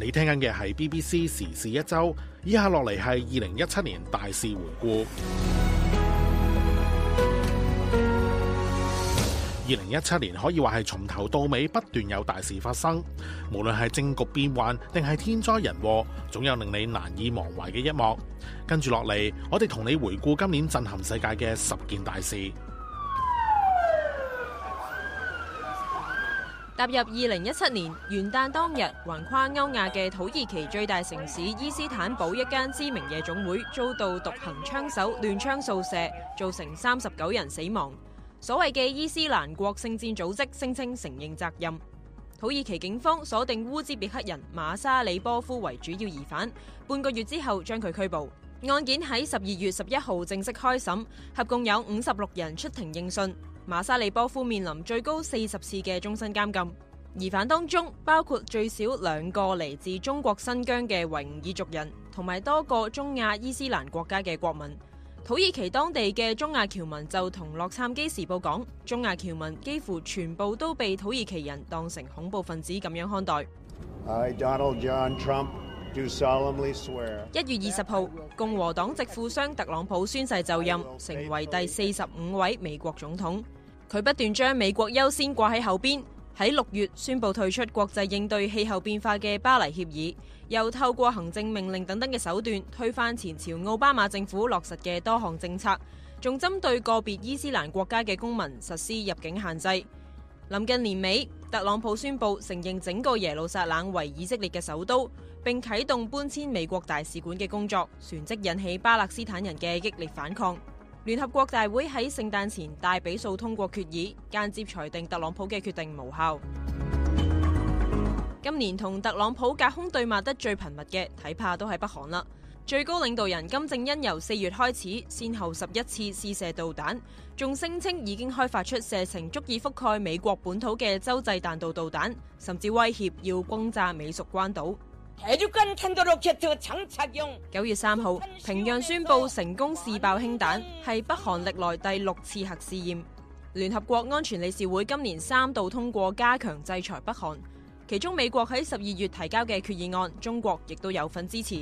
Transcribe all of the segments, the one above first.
你聽緊嘅係 BBC 時事一周，以下落嚟係二零一七年大事回顧。二零一七年可以話係從頭到尾不斷有大事發生，無論係政局變幻，定係天災人禍，總有令你難以忘懷嘅一幕。跟住落嚟，我哋同你回顧今年震撼世界嘅十件大事。踏入二零一七年元旦當日，橫跨歐亞嘅土耳其最大城市伊斯坦堡一間知名夜總會遭到獨行槍手亂槍掃射，造成三十九人死亡。所謂嘅伊斯蘭國聖戰組織聲稱承認責任。土耳其警方鎖定烏茲別克人馬沙里波夫為主要疑犯，半個月之後將佢拘捕。案件喺十二月十一號正式開審，合共有五十六人出庭應訊。馬沙里波夫面臨最高四十次嘅終身監禁。疑犯當中包括最少兩個嚟自中國新疆嘅維吾爾族人，同埋多個中亞伊斯蘭國家嘅國民。土耳其當地嘅中亞僑民就同《洛杉磯時報》講，中亞僑民幾乎全部都被土耳其人當成恐怖分子咁樣看待。一月二十號，共和黨籍富商特朗普宣誓就任，成為第四十五位美國總統。佢不斷將美國優先掛喺後邊，喺六月宣布退出國際應對氣候變化嘅巴黎協議，又透過行政命令等等嘅手段推翻前朝奧巴馬政府落實嘅多項政策，仲針對個別伊斯蘭國家嘅公民實施入境限制。臨近年尾，特朗普宣布承認整個耶路撒冷為以色列嘅首都，並啟動搬遷美國大使館嘅工作，旋即引起巴勒斯坦人嘅激烈反抗。聯合國大會喺聖誕前大比數通過決議，間接裁定特朗普嘅決定無效。今年同特朗普隔空對罵得最頻密嘅，睇怕都係北韓啦。最高領導人金正恩由四月開始，先後十一次試射導彈，仲聲稱已經開發出射程足以覆蓋美國本土嘅洲際彈道導彈，甚至威脅要轟炸美屬關島。九月三號，平壤宣布成功試爆氫彈，係北韓歷來第六次核試驗。聯合國安全理事會今年三度通過加強制裁北韓，其中美國喺十二月提交嘅決議案，中國亦都有份支持。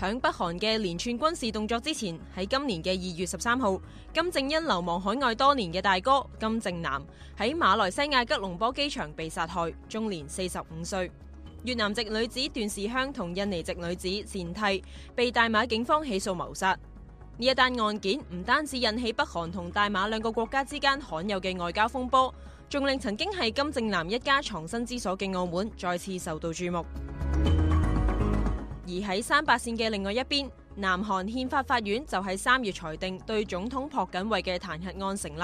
喺北韓嘅連串軍事動作之前，喺今年嘅二月十三號，金正恩流亡海外多年嘅大哥金正男喺馬來西亞吉隆坡機場被殺害，終年四十五歲。越南籍女子段氏香同印尼籍女子茜蒂被大馬警方起訴謀殺，呢一單案件唔單止引起北韓同大馬兩個國家之間罕有嘅外交風波，仲令曾經係金正男一家藏身之所嘅澳門再次受到注目。而喺三八線嘅另外一邊，南韓憲法法院就喺三月裁定對總統朴槿惠嘅彈劾案成立，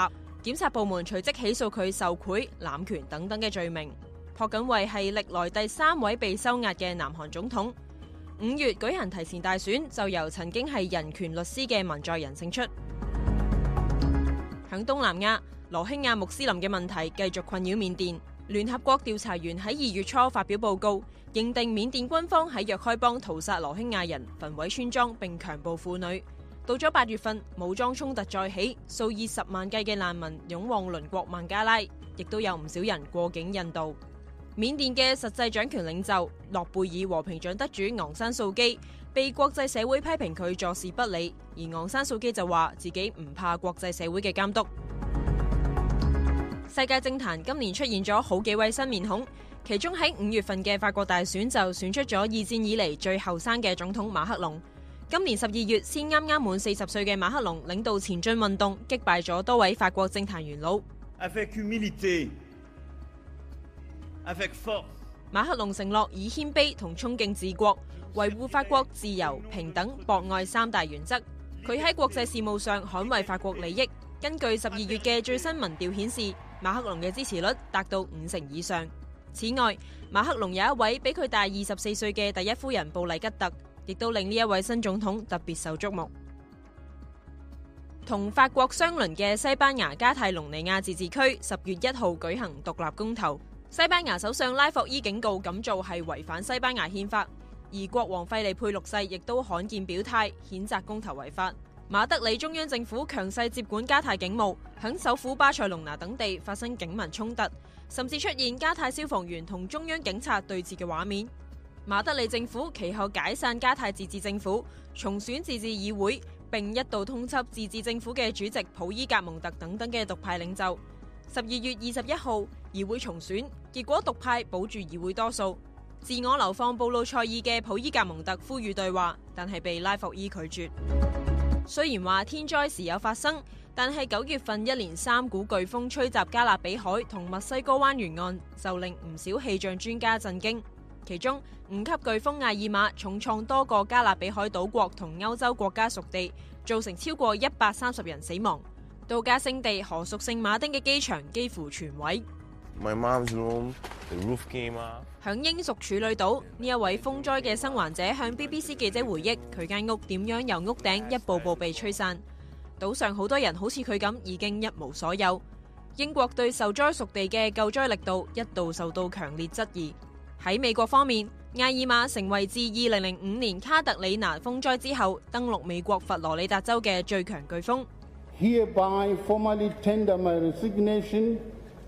檢察部門隨即起訴佢受賄、濫權等等嘅罪名。朴槿惠係歷來第三位被收押嘅南韓總統。五月舉行提前大選，就由曾經係人權律師嘅文在寅勝出。響東南亞，羅興亞穆斯林嘅問題繼續困擾緬甸。聯合國調查員喺二月初發表報告，認定緬甸軍方喺若開邦屠殺羅興亞人、焚毀村莊並強暴婦女。到咗八月份，武裝衝突再起，數以十萬計嘅難民湧往鄰國孟加拉，亦都有唔少人過境印度。緬甸嘅實際掌權領袖，諾貝爾和平獎得主昂山素基被國際社會批評佢，坐視不理，而昂山素基就話自己唔怕國際社會嘅監督。世界政壇今年出現咗好幾位新面孔，其中喺五月份嘅法國大選就選出咗二戰以嚟最後生嘅總統馬克龍。今年十二月先啱啱滿四十歲嘅馬克龍領導前進運動，擊敗咗多位法國政壇元老。馬克龍承諾以謙卑同憧憬治國，維護法國自由、平等、博愛三大原則。佢喺國際事務上捍衛法國利益。根據十二月嘅最新民調顯示，馬克龍嘅支持率達到五成以上。此外，馬克龍有一位比佢大二十四歲嘅第一夫人布麗吉特，亦都令呢一位新總統特別受矚目。同法國相鄰嘅西班牙加泰隆尼亞自治區十月一號舉行獨立公投。西班牙首相拉霍伊警告咁做係違反西班牙憲法，而國王費利佩六世亦都罕見表態譴責公投違法。馬德里中央政府強勢接管加泰警務，響首府巴塞隆拿等地發生警民衝突，甚至出現加泰消防員同中央警察對峙嘅畫面。馬德里政府其後解散加泰自治政府，重選自治議會，並一度通緝自治政府嘅主席普伊格蒙特等等嘅獨派領袖。十二月二十一號議會重選。結果獨派保住議會多數，自我流放布魯塞爾嘅普伊格蒙特呼籲對話，但係被拉霍伊拒絕。雖然話天災時有發生，但係九月份一連三股颶風吹襲加勒比海同墨西哥灣沿岸，就令唔少氣象專家震驚。其中五級颶風艾爾瑪重創多個加勒比海島國同歐洲國家屬地，造成超過一百三十人死亡。度假勝地荷屬聖馬丁嘅機場幾乎全毀。喺英屬處女島，呢一位風災嘅生還者向 BBC 記者回憶佢間屋點樣由屋頂一步步被吹散。島上好多人好似佢咁，已經一無所有。英國對受災屬地嘅救災力度一度受到強烈質疑。喺美國方面，艾爾瑪成為自二零零五年卡特里娜風災之後登陸美國佛羅里達州嘅最強颶風。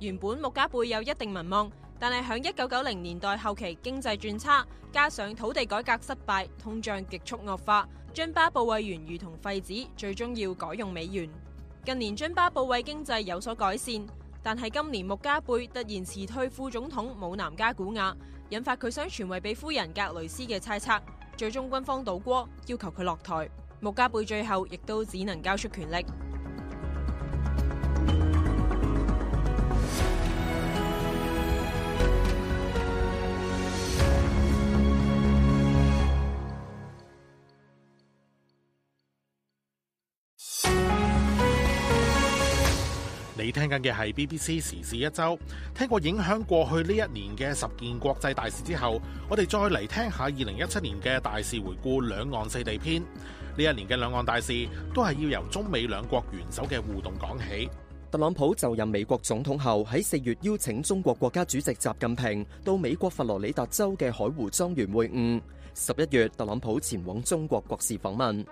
原本穆加貝有一定民望，但係響一九九零年代後期經濟轉差，加上土地改革失敗、通脹急速惡化，津巴布韋元如同廢紙，最終要改用美元。近年津巴布韋經濟有所改善，但係今年穆加貝突然辭退副總統姆南加古瓦，引發佢想傳位俾夫人格雷斯嘅猜測，最終軍方倒戈，要求佢落台，穆加貝最後亦都只能交出權力。你聽緊嘅係 BBC 時事一周。聽過影響過去呢一年嘅十件國際大事之後，我哋再嚟聽下二零一七年嘅大事回顧兩岸四地篇。呢一年嘅兩岸大事都係要由中美兩國元首嘅互動講起。特朗普就任美國總統後，喺四月邀請中國國家主席習近平到美國佛羅里達州嘅海湖莊園會晤。十一月，特朗普前往中國國事訪問。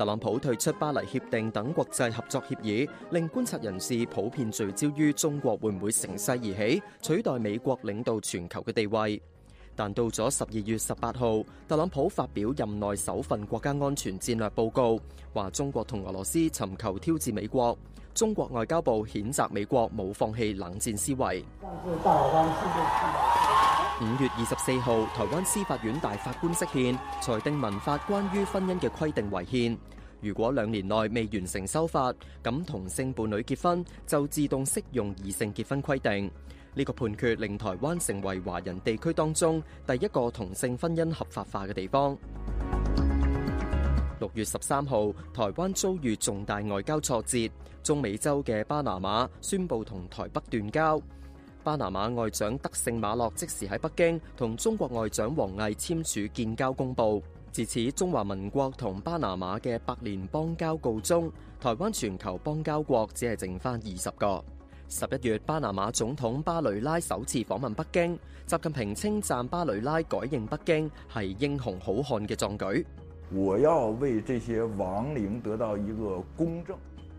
特朗普退出巴黎協定等國際合作協議，令觀察人士普遍聚焦於中國會唔會乘勢而起取代美國領導全球嘅地位。但到咗十二月十八號，特朗普發表任內首份國家安全戰略報告，話中國同俄羅斯尋求挑戰美國，中國外交部譴責美國冇放棄冷戰思維。五月二十四號，台灣司法院大法官釋憲，裁定民法關於婚姻嘅規定違憲。如果兩年內未完成修法，咁同性伴侶結婚就自動適用異性結婚規定。呢、這個判決令台灣成為華人地區當中第一個同性婚姻合法化嘅地方。六月十三號，台灣遭遇重大外交挫折，中美洲嘅巴拿馬宣布同台北斷交。巴拿馬外長德聖馬洛即時喺北京同中國外長王毅簽署建交公報，自此中華民國同巴拿馬嘅百年邦交告終，台灣全球邦交國只係剩翻二十個。十一月巴拿馬總統巴雷拉首次訪問北京，習近平稱讚巴雷拉改認北京係英雄好漢嘅壯舉。我要為這些亡靈得到一個公正。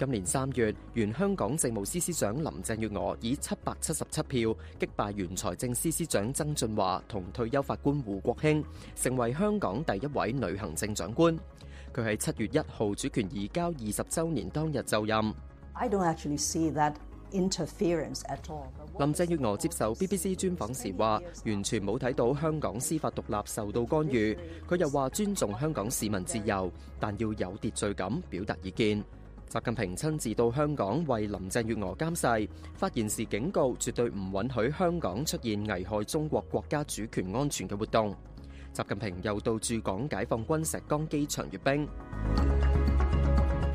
今年三月，原香港政務司司長林鄭月娥以七百七十七票擊敗原財政司司長曾俊華同退休法官胡國興，成為香港第一位女行政長官。佢喺七月一號主權移交二十周年當日就任。I don't actually see that interference at all。林鄭月娥接受 BBC 專訪時話，完全冇睇到香港司法獨立受到干預。佢又話尊重香港市民自由，但要有秩序咁表達意見。習近平親自到香港為林鄭月娥監誓，發言時警告絕對唔允許香港出現危害中國國家主權安全嘅活動。習近平又到駐港解放軍石崗機場閱兵。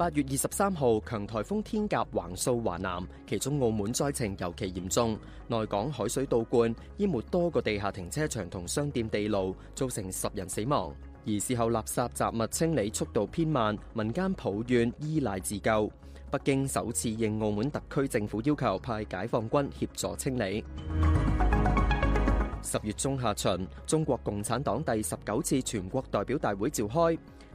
八月二十三號，強颱風天鴿橫掃華南，其中澳門災情尤其嚴重，內港海水倒灌，淹沒多個地下停車場同商店地牢，造成十人死亡。而事後垃圾雜物清理速度偏慢，民間抱怨依賴自救。北京首次應澳門特區政府要求，派解放軍協助清理。十月中下旬，中國共產黨第十九次全國代表大會召開。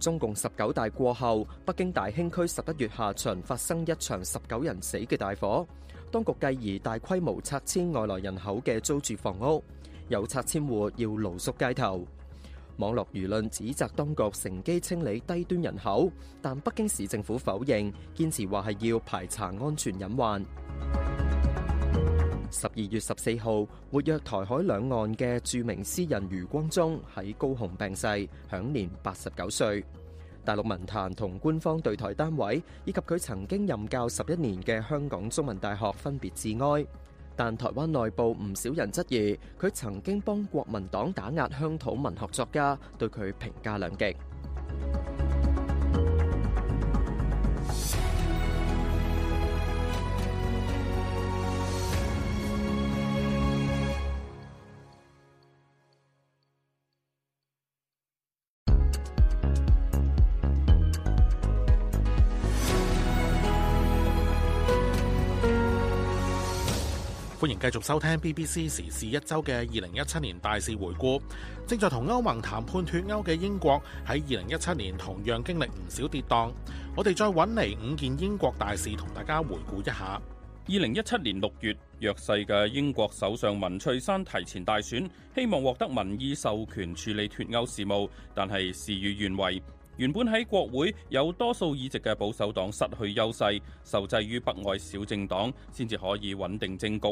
中共十九大過後，北京大興區十一月下旬發生一場十九人死嘅大火，當局繼而大規模拆遷外來人口嘅租住房屋，有拆遷戶要露宿街頭。網絡輿論指責當局乘機清理低端人口，但北京市政府否認，堅持話係要排查安全隱患。十二月十四號，活躍台海兩岸嘅著名詩人余光中喺高雄病逝，享年八十九歲。大陸文壇同官方對台單位以及佢曾經任教十一年嘅香港中文大學分別致哀，但台灣內部唔少人質疑佢曾經幫國民黨打壓鄉土文學作家，對佢評價兩極。繼續收聽 BBC 時事一周嘅二零一七年大事回顧。正在同歐盟談判脱歐嘅英國喺二零一七年同樣經歷唔少跌宕。我哋再搵嚟五件英國大事同大家回顧一下。二零一七年六月，弱勢嘅英國首相文翠珊提前大選，希望獲得民意授權處理脱歐事務，但係事與願違。原本喺國會有多數議席嘅保守黨失去優勢，受制於北愛小政黨，先至可以穩定政局。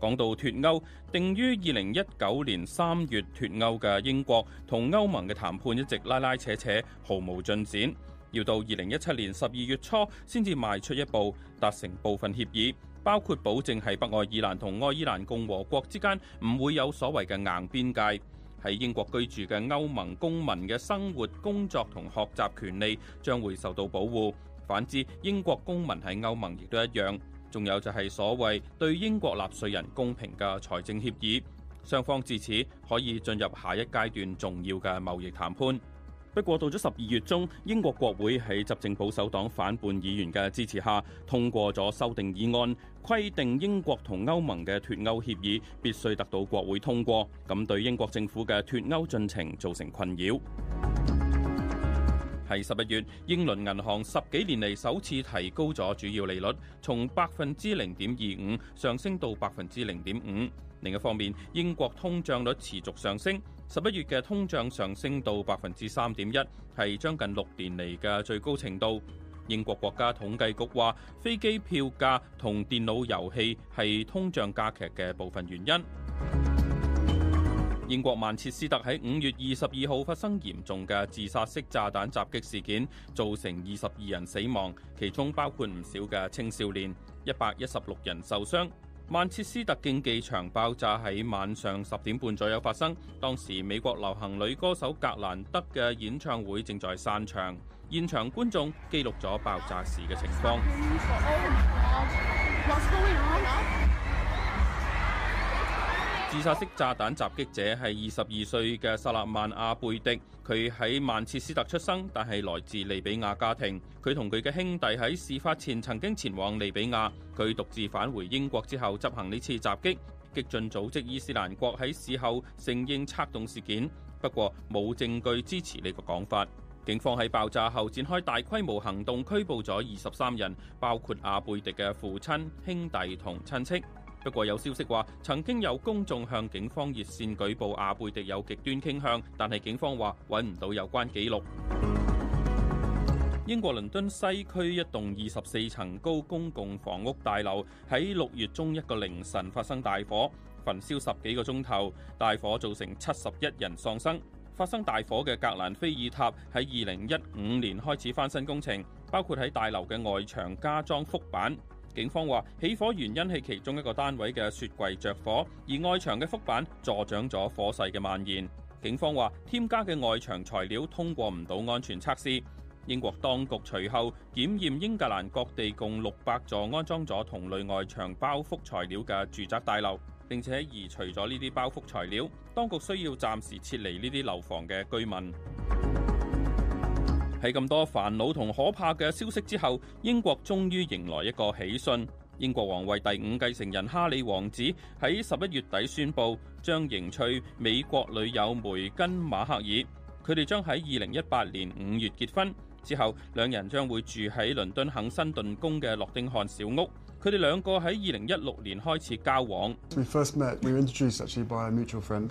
講到脱歐，定於二零一九年三月脱歐嘅英國同歐盟嘅談判一直拉拉扯扯，毫無進展，要到二零一七年十二月初先至邁出一步，達成部分協議，包括保證喺北愛爾蘭同愛爾蘭共和國之間唔會有所謂嘅硬邊界，喺英國居住嘅歐盟公民嘅生活、工作同學習權利將會受到保護，反之英國公民喺歐盟亦都一樣。仲有就係所謂對英國納稅人公平嘅財政協議，雙方自此可以進入下一階段重要嘅貿易談判。不過到咗十二月中，英國國會喺執政保守黨反叛議員嘅支持下通過咗修訂議案，規定英國同歐盟嘅脫歐協議必須得到國會通過，咁對英國政府嘅脫歐進程造成困擾。喺十一月，英倫銀行十幾年嚟首次提高咗主要利率，從百分之零點二五上升到百分之零點五。另一方面，英國通脹率持續上升，十一月嘅通脹上升到百分之三點一，係將近六年嚟嘅最高程度。英國國家統計局話，飛機票價同電腦遊戲係通脹加劇嘅部分原因。英國曼徹斯特喺五月二十二號發生嚴重嘅自殺式炸彈襲擊事件，造成二十二人死亡，其中包括唔少嘅青少年，一百一十六人受傷。曼徹斯特競技場爆炸喺晚上十點半左右發生，當時美國流行女歌手格蘭德嘅演唱會正在散場，現場觀眾記錄咗爆炸時嘅情況。自殺式炸彈襲擊者係二十二歲嘅薩勒曼阿貝迪，佢喺曼徹斯特出生，但係來自利比亞家庭。佢同佢嘅兄弟喺事發前曾經前往利比亞，佢獨自返回英國之後執行呢次襲擊，激進組織伊斯蘭國喺事後承認策動事件，不過冇證據支持呢個講法。警方喺爆炸後展開大規模行動拘捕咗二十三人，包括阿貝迪嘅父親兄弟同親戚。不過有消息話，曾經有公眾向警方熱線舉報阿貝迪有極端傾向，但係警方話揾唔到有關記錄。英國倫敦西區一棟二十四層高公共房屋大樓喺六月中一個凌晨發生大火，焚燒十幾個鐘頭，大火造成七十一人喪生。發生大火嘅格蘭菲爾塔喺二零一五年開始翻新工程，包括喺大樓嘅外牆加裝覆板。警方話起火原因係其中一個單位嘅雪櫃着火，而外牆嘅覆板助長咗火勢嘅蔓延。警方話添加嘅外牆材料通過唔到安全測試。英國當局隨後檢驗英格蘭各地共六百座安裝咗同類外牆包覆材料嘅住宅大樓，並且移除咗呢啲包覆材料。當局需要暫時撤離呢啲樓房嘅居民。喺咁多煩惱同可怕嘅消息之後，英國終於迎來一個喜訊。英國皇位第五繼承人哈里王子喺十一月底宣布，將迎娶美國女友梅根·馬克爾。佢哋將喺二零一八年五月結婚，之後兩人將會住喺倫敦肯辛頓宮嘅諾丁漢小屋。佢哋兩個喺二零一六年開始交往。We first met. We were introduced actually by a mutual friend.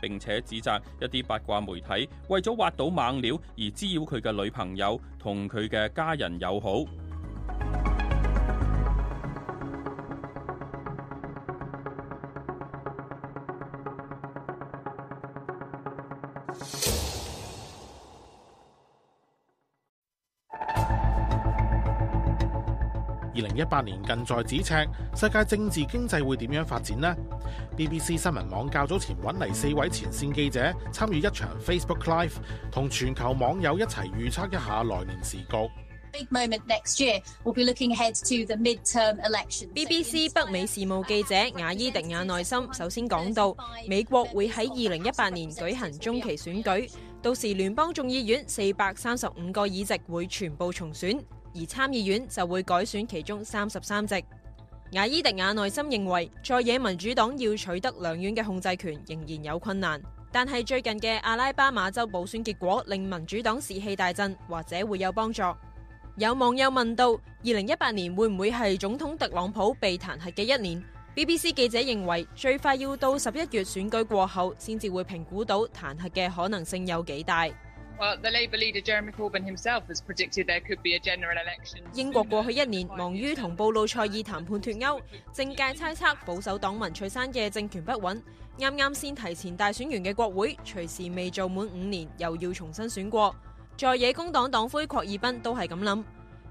並且指責一啲八卦媒體為咗挖到猛料而滋擾佢嘅女朋友同佢嘅家人友好。八年近在咫尺，世界政治經濟會點樣發展呢？BBC 新聞網較早前揾嚟四位前線記者參與一場 Facebook Live，同全球網友一齊預測一下來年時局。BBC 北美事務記者瓦伊迪亞內森首先講到，美國會喺二零一八年舉行中期選舉，到時聯邦眾議院四百三十五個議席會全部重選。而參議院就會改選其中三十三席。瓦伊迪亞內森認為，在野民主黨要取得兩院嘅控制權仍然有困難，但係最近嘅阿拉巴馬州補選結果令民主黨士氣大振，或者會有幫助。有網友問到：二零一八年會唔會係總統特朗普被彈劾嘅一年？BBC 記者認為，最快要到十一月選舉過後，先至會評估到彈劾嘅可能性有幾大。Well, the Labour leader Jeremy Corbyn himself has predicted there could be a general election. 英國過去一年忙於同布魯塞爾談判脫歐，政界猜測保守黨文翠珊嘅政權不穩。啱啱先提前大選完嘅國會，隨時未做滿五年，又要重新選過。在野工黨黨魁科爾賓都係咁諗。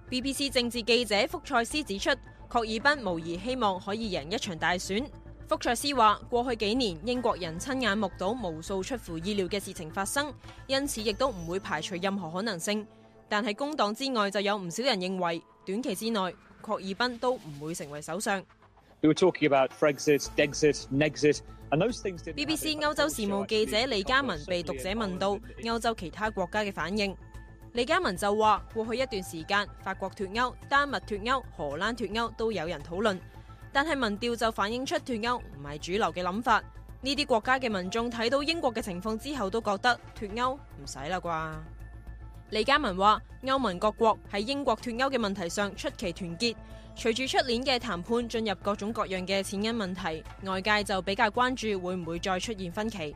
BBC 政治記者福賽思指出，科爾賓無疑希望可以贏一場大選。福賽思話：過去幾年，英國人親眼目睹無數出乎意料嘅事情發生，因此亦都唔會排除任何可能性。但喺工黨之外，就有唔少人認為，短期之內，科爾賓都唔會成為首相。b b BBC 歐洲事務記者利嘉文被讀者問到歐洲其他國家嘅反應，利嘉文就話：過去一段時間，法國脫歐、丹麥脫歐、荷蘭脫歐、荷蘭脫歐都有人討論。但係民調就反映出脱歐唔係主流嘅諗法，呢啲國家嘅民眾睇到英國嘅情況之後都覺得脱歐唔使啦啩。利嘉文話，歐盟各國喺英國脱歐嘅問題上出奇團結，隨住出年嘅談判進入各種各樣嘅錢銀問題，外界就比較關注會唔會再出現分歧。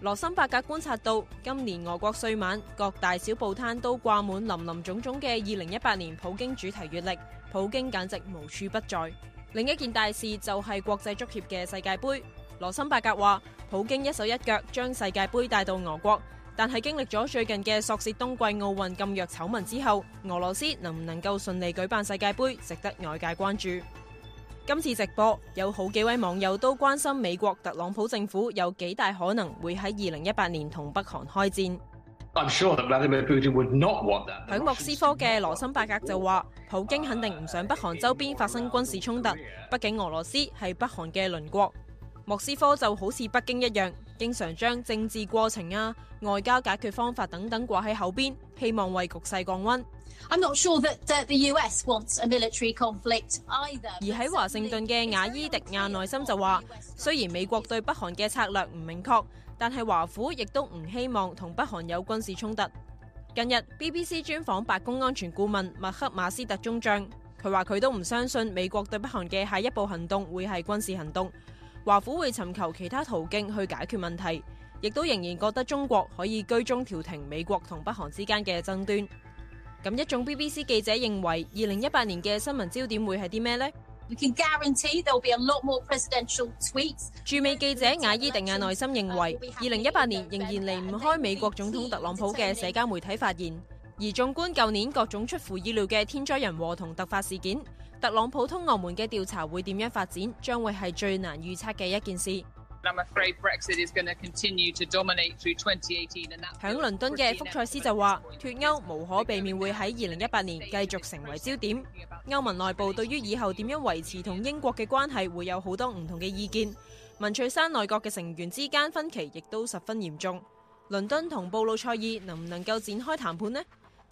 羅森伯格觀察到，今年俄國歲晚，各大小報攤都掛滿林林種種嘅二零一八年普京主題月曆，普京簡直無處不在。另一件大事就係國際足協嘅世界杯。羅森伯格話，普京一手一腳將世界杯帶到俄國，但係經歷咗最近嘅索契冬季奧運禁藥醜聞之後，俄羅斯能唔能夠順利舉辦世界杯，值得外界關注。今次直播有好幾位網友都關心美國特朗普政府有幾大可能會喺二零一八年同北韓開戰。I'm sure that Vladimir Putin would not want that。喺莫斯科嘅羅森伯格就話，普京肯定唔想北韓周邊發生軍事衝突，畢竟俄羅斯係北韓嘅鄰國。莫斯科就好似北京一樣。經常將政治過程啊、外交解決方法等等掛喺口邊，希望為局勢降温。而喺華盛頓嘅瓦伊迪亞內森就話：雖然美國對北韓嘅策略唔明確，但係華府亦都唔希望同北韓有軍事衝突。近日 BBC 專訪白宮安全顧問麥克馬斯特中將，佢話佢都唔相信美國對北韓嘅下一步行動會係軍事行動。華府會尋求其他途徑去解決問題，亦都仍然覺得中國可以居中調停美國同北韓之間嘅爭端。咁一眾 BBC 記者認為，二零一八年嘅新聞焦點會係啲咩呢？駐美記者瓦伊迪亞內森認為，二零一八年仍然離唔開美國總統特朗普嘅社交媒體發言。而縱觀舊年各種出乎意料嘅天災人禍同突發事件，特朗普通俄門嘅調查會點樣發展，將會係最難預測嘅一件事。喺倫敦嘅福賽思就話，脫歐無可避免會喺二零一八年繼續成為焦點。歐盟內部對於以後點樣維持同英國嘅關係會有好多唔同嘅意見。文翠珊內閣嘅成員之間分歧亦都十分嚴重。倫敦同布魯塞爾能唔能夠展開談判呢？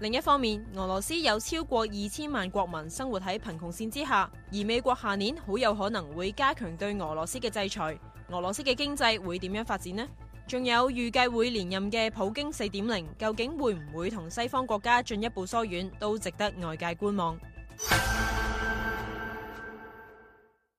另一方面，俄羅斯有超過二千萬國民生活喺貧窮綫之下，而美國下年好有可能會加強對俄羅斯嘅制裁，俄羅斯嘅經濟會點樣發展呢？仲有預計會連任嘅普京四點零，究竟會唔會同西方國家進一步疏遠，都值得外界觀望。